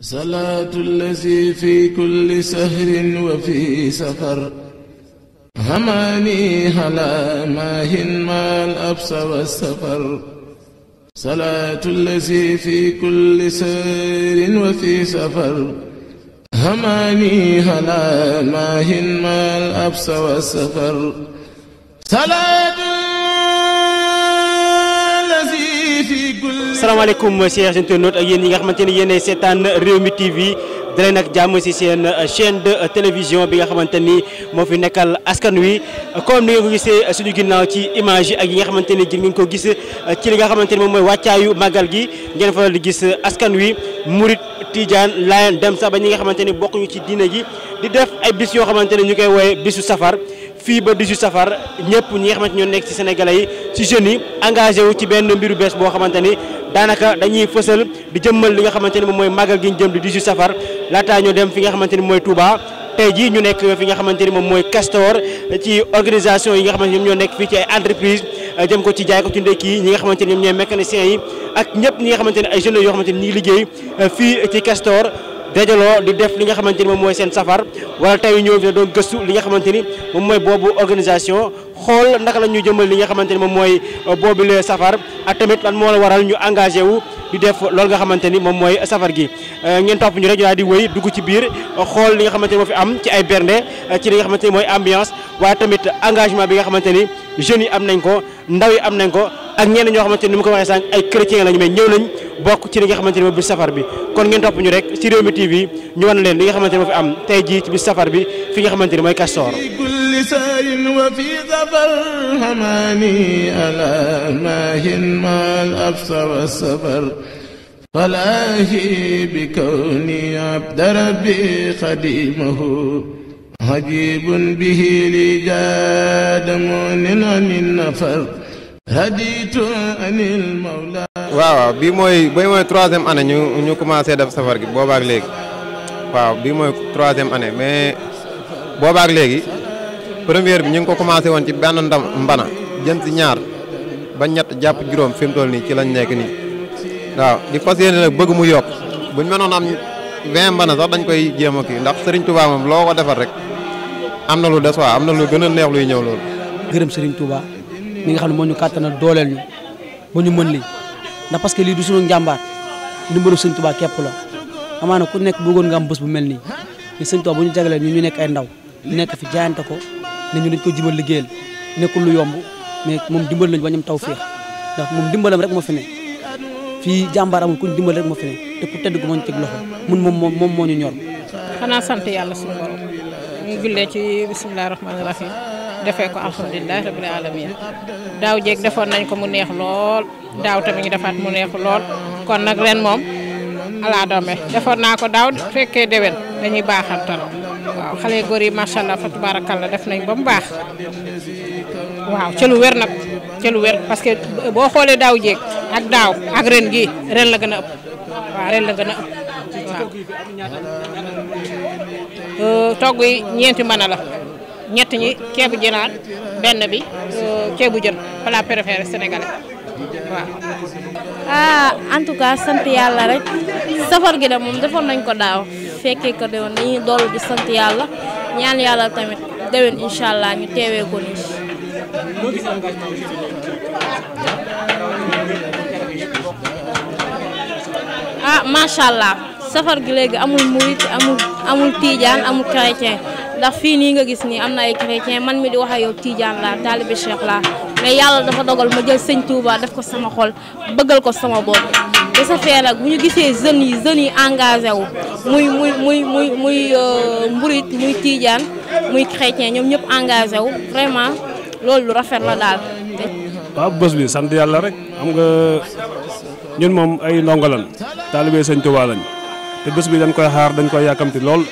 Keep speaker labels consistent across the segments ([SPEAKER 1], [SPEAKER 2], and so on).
[SPEAKER 1] salaatu allazi fi kulli sahrin wa fi safar hamaani ala maahin maal absa wa safar salaatu allazi fi kulli sahrin wa fi safar hamaani ala maahin maal absa wa safar salaatu
[SPEAKER 2] salaamaaleykum chers internautes ak yéen yi nga xamante ni yéenay seetaan Rewmi TV dalee nag jàmm ci seen chaîne de télévision bi nga xamante ni moo fi nekkal askan wi comme ni nga ko gisee suñu ginnaaw ci image ak yi nga xamante ni ngeen ko gis ci li nga xamante ni moom mooy wàccaayu màggal gi ngeen fa di gis askan wi murit tijaan laayeen dem sax ba ñi nga xamante ni bokkuñu ci diine gi di def ay bis yoo xamante ne ñu koy wooye bisu safar fii ba 18 safar ñëpp ñi nga xamante ñoo nekk ci sénégalais yi ci jeunes yi engagé wu ci benn mbiru bees boo xamante ni daanaka dañuy fësal di jëmmal li nga xamante ni moom mooy màggal gi ñu jëm di 18 safar laataa ñoo dem fi nga xamante ni mooy Touba jii ñu nekk fi nga xamante ni moom mooy Castor ci organisation yi nga xamante ni ñoom ñoo nekk fii ci ay entreprise jëm ko ci jaay ko ci ndekki ñi nga xamante ni ñoom ñooy mécaniciens yi ak ñëpp ñi nga xamante ni ay jeunes yoo xamante ni ngi liggéey fii ci Castor dajaloo di def li nga xamante ni moom mooy seen safar wala tey ñoo fi ne doon gëstu li nga xamante ni moom mooy boobu organisation xool naka la ñuy jëmal li nga xamante ni moom mooy euh, boobu le safar ak tamit lan moo la waral ñu engagé wu di def loolu nga xamante ni moom mooy safar gi euh, ngeen topp ñu rek ñu daal di wëy dugg ci biir xool li nga xamante moo fi am ci ay bernde euh, ci li nga xamante ni mooy ambiance waaye tamit engagement bi nga xamante ni jeunes yi am nañ ko ndaw yi am nañ ko ak ñenn ñoo xamante ni mu ko waxee sànq ay chrétien lañu mais ñëw nañ bokk ci li nga xamante ni mooy bis safar bi kon ngeen topp ñu rek ci Rewmi TV ñu wan leen li nga xamante ni moo fi am tey jii ci bis safar bi fi nga xamante ni mooy
[SPEAKER 1] Kastoor فلاهي بكوني عبد ربي خديمه عجيب
[SPEAKER 3] به لي جاد مؤمن عن النفر
[SPEAKER 1] waaw
[SPEAKER 3] waaw bii mooy bii mooy troisième année ñu ñu commencé def safar gi boobaak léegi waaw bii mooy troisième année mais boobaak léegi première bi ñu ngi ko commencé woon ci benn dam mbana jëm si ñaar ba ñett jàpp juróom fi mu toll nii ci lañ nekk nii waaw di fas yéene nag bëgg mu yokk buñ mënoon am vingt mbana sax dañ koy jéem a kii ndax sëriñ Touba moom loo ko defar rek am na lu des waaw am na lu gën a neex luy ñëw loolu. gërëm Serigne Touba. mi nga xam ne moo ñu kàttanal dooleel
[SPEAKER 4] ñu ba ñu mën lii ndax parce que lii du suñu njàmbaar ndimbalu sëñ Tuubaa képp la amaana ku nekk bëggoon nga am bés bu mel nii ni sëñ Tuubaa bu ñu jagalee ñu ñu nekk ay ndaw ñu nekk fi jaayante ko ne ñu dañ ko jibal liggéeyal nekkul lu yomb mais moom dimbal lañu ba ñoom taw féex ndax moom dimbalam rek moo fi ne fii jàmbaar amul kuñ dimbal rek moo fi ne te ku tedd gu moo ñu teg loxo mun moom moom moo ñu ñor
[SPEAKER 5] xanaa sant yàlla suñu borom ñu jullee ci bisimilah rahmaani rahim defee ko alhamdulilah rabbil alamin daaw jéeg defoon nañ ko mu neex lool daaw tamit ñu defaat mu neex lool kon nag ren moom alaa defoon naa ko daaw fekkee déwén dañuy baaxantal waaw xale góor yi macha allah fa tabarakallah def nañ ba mu baax waaw ca lu wér nag ca lu wér parce que boo xoolee daaw jéeg ak daaw ak ren gi ren la gën a ëpp waaw ren la gën a ëpp waaw euh, togg ñeenti mën la. ñett ñi ceebu jënaat benn bi euh, ceebu jën plat préféré sénégalais
[SPEAKER 6] waaw. ah en tout cas sant yàlla rek safar gi de moom defoon nañ ko daaw fekkee ko déwén dañuy dollu di sant yàlla ñaan yàlla tamit déwén incha allah ñu teewee ko nii. ah safar gi léegi amul murit amul amul tiijaan amul chrétien. ndax fii nii nga gis nii am na ay chrétien man mi di wax ak yow Tidiane laa taalibe Cheikh laa mais yàlla dafa dogal ma jël sëñ Touba def ko sama xol bëggal ko sama bopp. de ce nag bu ñu gisee jeunes yi jeunes yi engagé wu muy muy muy muy muy euh, ñoom ñëpp engagé wu vraiment loolu lu rafet la daal.
[SPEAKER 7] waaw bés bi sant yàlla rek xam nga ñun moom ay ndongo lan taalibe sëñ Touba lañ te bës bi dañ koy xaar dañ koy yàkkamti lool.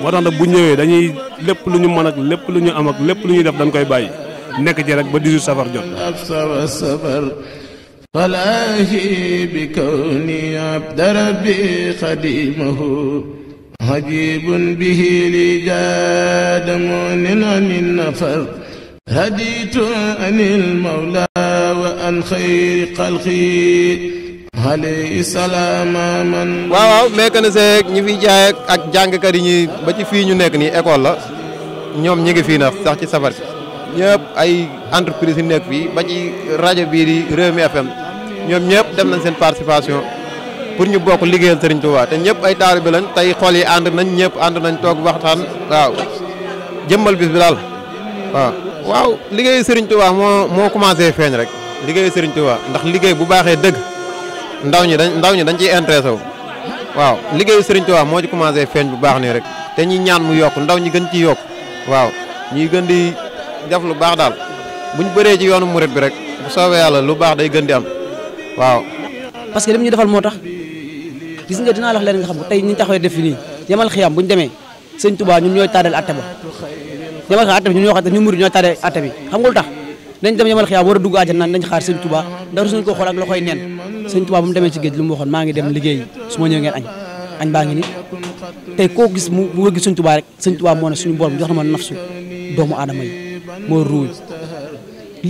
[SPEAKER 7] moo tax nag bu ñëwee dañuy lépp lu ñu mën ak lépp lu ñu am lépp lu ñuy def dañ koy bàyyi nekk ci rek ba 18 safar jot.
[SPEAKER 1] falaahi bi kawni abd rabbi xadimahu ajibun bihi li jaadamunin anin nafar haditu anil mawla wa an
[SPEAKER 3] xayri xalqi alayhi salaama man. waaw waaw mécanicien ñi fiy jaay ak jàngkat yi ñi ba ci fii ñu nekk nii ekool la ñoom ñi ngi fii na sax ci safar ñëpp ay entreprise yi nekk fii ba ci rajo bii di Rewmi FM ñoom ñëpp dem nañ seen participation pour ñu bokk liggéeyal Serigne Touba te ñëpp ay taalibe lañ tey xol yi ànd nañ ñëpp ànd nañ toog waxtaan waaw jëmmal bis bi daal waaw. waaw liggéeyu Serigne Touba moo moo commencé feeñ rek liggéeyu Serigne Touba ndax liggéey bu baaxee dëgg. ndaw ñi dañ ndaw ñi dañ ciy intéressé wu waaw liggéeyu Serigne Touba moo ci commencé feeñ bu baax nii rek te ñi ñaan mu yokk ndaw ñi gën ci yokk waaw ñuy gën di def lu baax daal bu ñu bëree ci yoonu murit bi rek bu soobee yàlla lu baax day gën di am waaw. parce que lim ñu defal moo tax gis nga dinaa wax leen
[SPEAKER 4] nga xam tey ñu taxawee def fi nii yamal xiyam buñ demee Serigne Touba ñun ñooy taadal atte ba yamal xiyam atte bi ñun ñoo xam ne ñu murit ñooy taadal atte bi xam nga lu tax dañ dem yamal xiyaam war a dugg àjjana nañ xaar sëñ Tuubaa ndax suñ ko xool ak loxoy neen sëñ Tuubaa bu mu demee ci géej lu mu waxoon maa ngi dem liggéey su ma ñëw ngeen añ añ ngi ni tey koo gis mu wëgg sëñ Tuubaa rek moo suñu borom jox na ma nafsu doomu aadama yi moo ruuy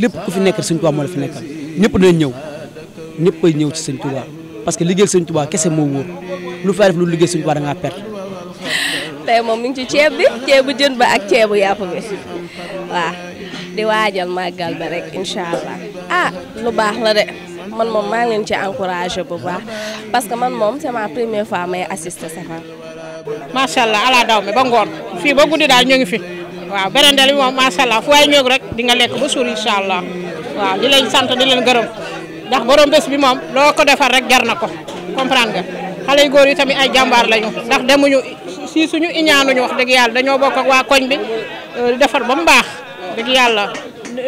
[SPEAKER 4] lépp ku fi nekkal sëñ Tuubaa moo la fi nekkal ñëpp dinañ ñëw ñëpp ay ñëw ci sëñu Tuubaa parce que liggéeyal sëñ Tuubaa kese moo wóor lu fay def lu liggéey sëñ Tuubaa da ngaa perte
[SPEAKER 6] moom mi ci ceeb bi ceebu jën ba ak ceebu yàpp bi di waajal màggal ba rek incha allah ah lu baax la de man moom maa ngi leen ci encouragé bu baax parce que man moom c'est ma première fois may assister safar.
[SPEAKER 5] macha allah ala daw mi ba ngoon fii ba guddi daal ñoo ngi fi waaw beneen del moom macha allah fu waay ñëw rek di nga lekk ba suur incha allah waaw di leen sant di leen gërëm ndax borom bés bi moom loo ko defar rek jar na ko comprendre nga xale yu góor yi tamit ay jàmbaar lañu ndax demuñu si suñu iñaanuñu wax dëgg yàlla dañoo bokk waa koñ bi euh, defar ba mu baax. dëgg yàlla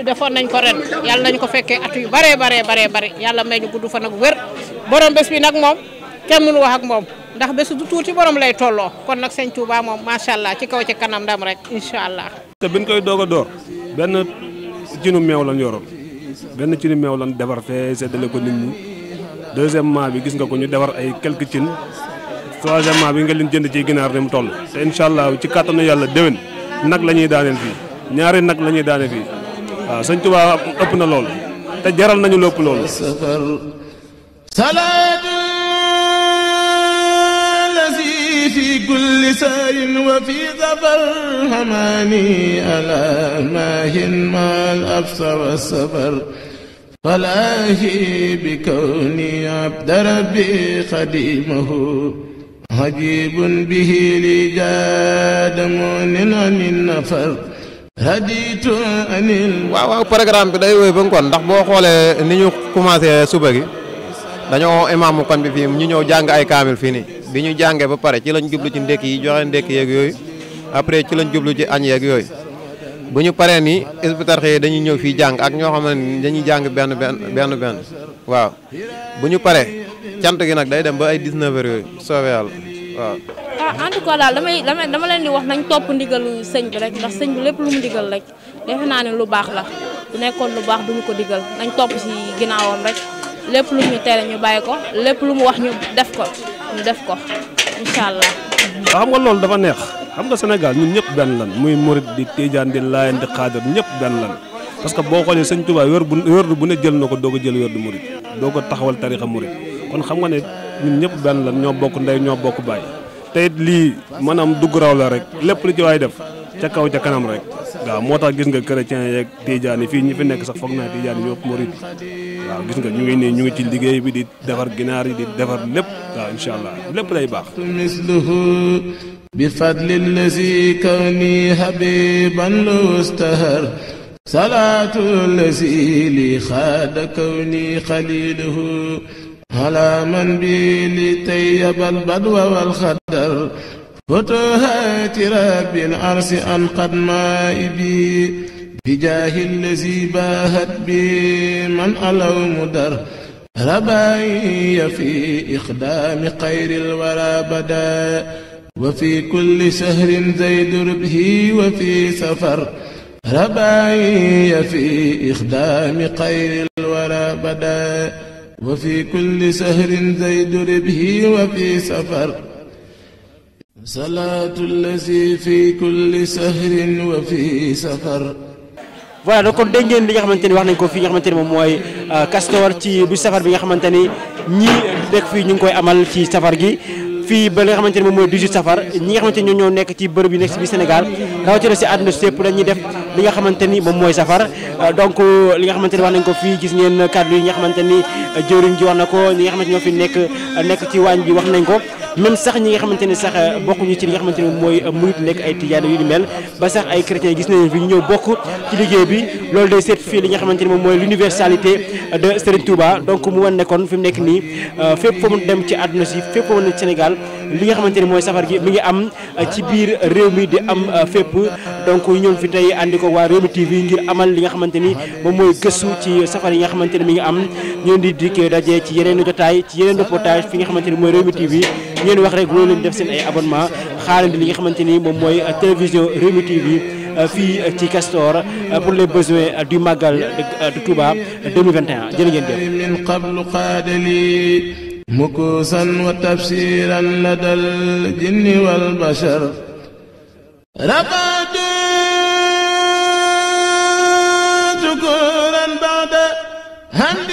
[SPEAKER 5] defoon nañ ko ren yàlla nañ ko fekkee at yu baree baree baree bare yàlla may ñu gudd fa nag wér borom bés bi nag moom kenn mënu moom ndax bés tuuti borom lay tolloo kon nag sëñ Touba moom macha allah ci kaw ci kanam rek incha allah.
[SPEAKER 7] te biñ koy doog a door benn cinu meew lan yoroon benn cinu meew lan defar fee seddale ko nit ñi deuxièmement bi gis nga ko ñu defar ay quelques cin troisièmement bi nga leen jënd ci ginaar ni mu toll te incha allah ci kàttanu yàlla déwén nag la ñuy daaneel fii. ñaari nag i ñuy fii waaw sëñ Tuubaa na lool te jaral nañu lépp lool. salaatu
[SPEAKER 1] lazi fi kulli saarin wa fi safar xamaani ala maahin maal absa wa safar falaahi bi kawni abda rabbi xadimahu ajibun li jaada moonin nafar
[SPEAKER 3] waaw waaw programme bi day wéy ba ngoon ndax boo xoolee ni ñu commencé suba gi dañoo imaamu koñ bi fii ñu ñëw jàng ay kaamil fii nii bi ñu jàngee ba pare ci lañ jublu ci ndekki yi joxe ndekki yeeg yooyu après ci lañ jublu ci añ yeeg yooyu bu ñu paree nii ispitar xëy dañuy ñëw fii jàng ak ñoo xam ne dañuy jàng benn benn benn benn waaw bu ñu paree cant gi nag day dem ba ay 19 heures yooyu soobee waaw.
[SPEAKER 6] en tout cas daal damay dama leen di wax nañ topp ndigalu sëñ bi rek ndax sëñ bi lépp lu mu digal rek defe naa ne lu baax la bu nekkoon lu baax duñu ko digal nañ topp si ginnaawam rek lépp lu ko lépp lu mu wax ñu def ko ñu def ko incha allah.
[SPEAKER 7] xam nga loolu dafa neex xam nga senegal ñun ñëpp benn lan muy murit di tijaan di laayeen di xaadir ñëpp benn lan parce que boo xoolee sëñ Tuubaa wér bu wér bu ne jël na ko doo ko jël wér du murit doo ko taxawal tarixa murit kon xam nga ne ñun ñëpp benn lan ñoo bokk ndey ñoo bokk bàyyi te it lii maanaam dugg raw la rek lépp lu ci waay def ca kaw ca kanam rek waaw moo tax gis nga chrétien yeeg tijaan yi fii ñi fi nekk sax foog naa tijaan yi ñoo ëpp murid waaw gis nga ñu ngi nii ñu ngi ci liggéey bi di defar ginaar yi di defar lépp waaw incha allah lépp lay baax
[SPEAKER 1] misluhu bi fadlillazi kawni habiban lustahar salaatu lazi li xaada kawni xaliluhu على من بي لتيب البدو والخدر فتوهات رب العرس أن قد مائبي بجاه الذي باهت بي من ألو مدر رباي في إخدام خير الورى بدا وفي كل شهر زيد ربه وفي سفر رباي في إخدام خير الورى بدا wa fi kulli sahrin zayd ribhi wa fi safar salaatu lazi fi kulli nga xamante ni wax nañ ko fi nga xamante ni moom mooy euh, Castor
[SPEAKER 2] ci bi safar bi nga xamante ni ñi nekk fii ñu ngi koy amal ci safar gi fii ba nga xamante ni moom mooy 18 safar ñi nga xamante ni ñoo ñoo nekk ci bërëb yi nekk ci biir Sénégal rawatina si àdduna sépp dañuy def li nga xamante ni moom mooy safar donc li nga xamante ni wax nañ ko fii gis ngeen kàddu yi nga xamante ni jëriñ ji wax na ko ñi nga xamante ñoo fi nekk nekk ci waañ bi wax nañ ko même sax ñi nga xamante ne sax euh, bokkuñu ci li nga xamante ne mooy euh, murit nekk ay tijaan yu ni mel ba sax ay chrétiens gis nañu fi ñu ñëw liggéey bi loolu day certifié li nga xamante ne moom mooy l'universalité euh, de Serigne Touba donc mu nekkoon fi mu nekk nii fépp fa dem ci àdduna si fépp fa mu nekk li nga xamante ne mooy safar gi mi ngi am ci biir réew mi di am fépp donc ñoom fi tey àndi ko waa Réew mi TV ngir amal li nga xamante ni moom mooy gëstu ci safar yi nga xamante ne mi ngi am ñoo di dikk daje ci yeneen jotaay ci yeneen reportage fi nga xamante ni mooy Réew mi TV ngeen wax rek loolu def abonnement xaarandi li nga xamante ni moom mooy télévision Rewmi TV euh, fii ci Castor euh, pour les besoins euh, du Magal de Touba 2021 jërë ngeen jëf
[SPEAKER 1] مكوسا وتفسيرا لدى الجن والبشر رفعت ذكورا بعد هند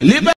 [SPEAKER 1] مقلد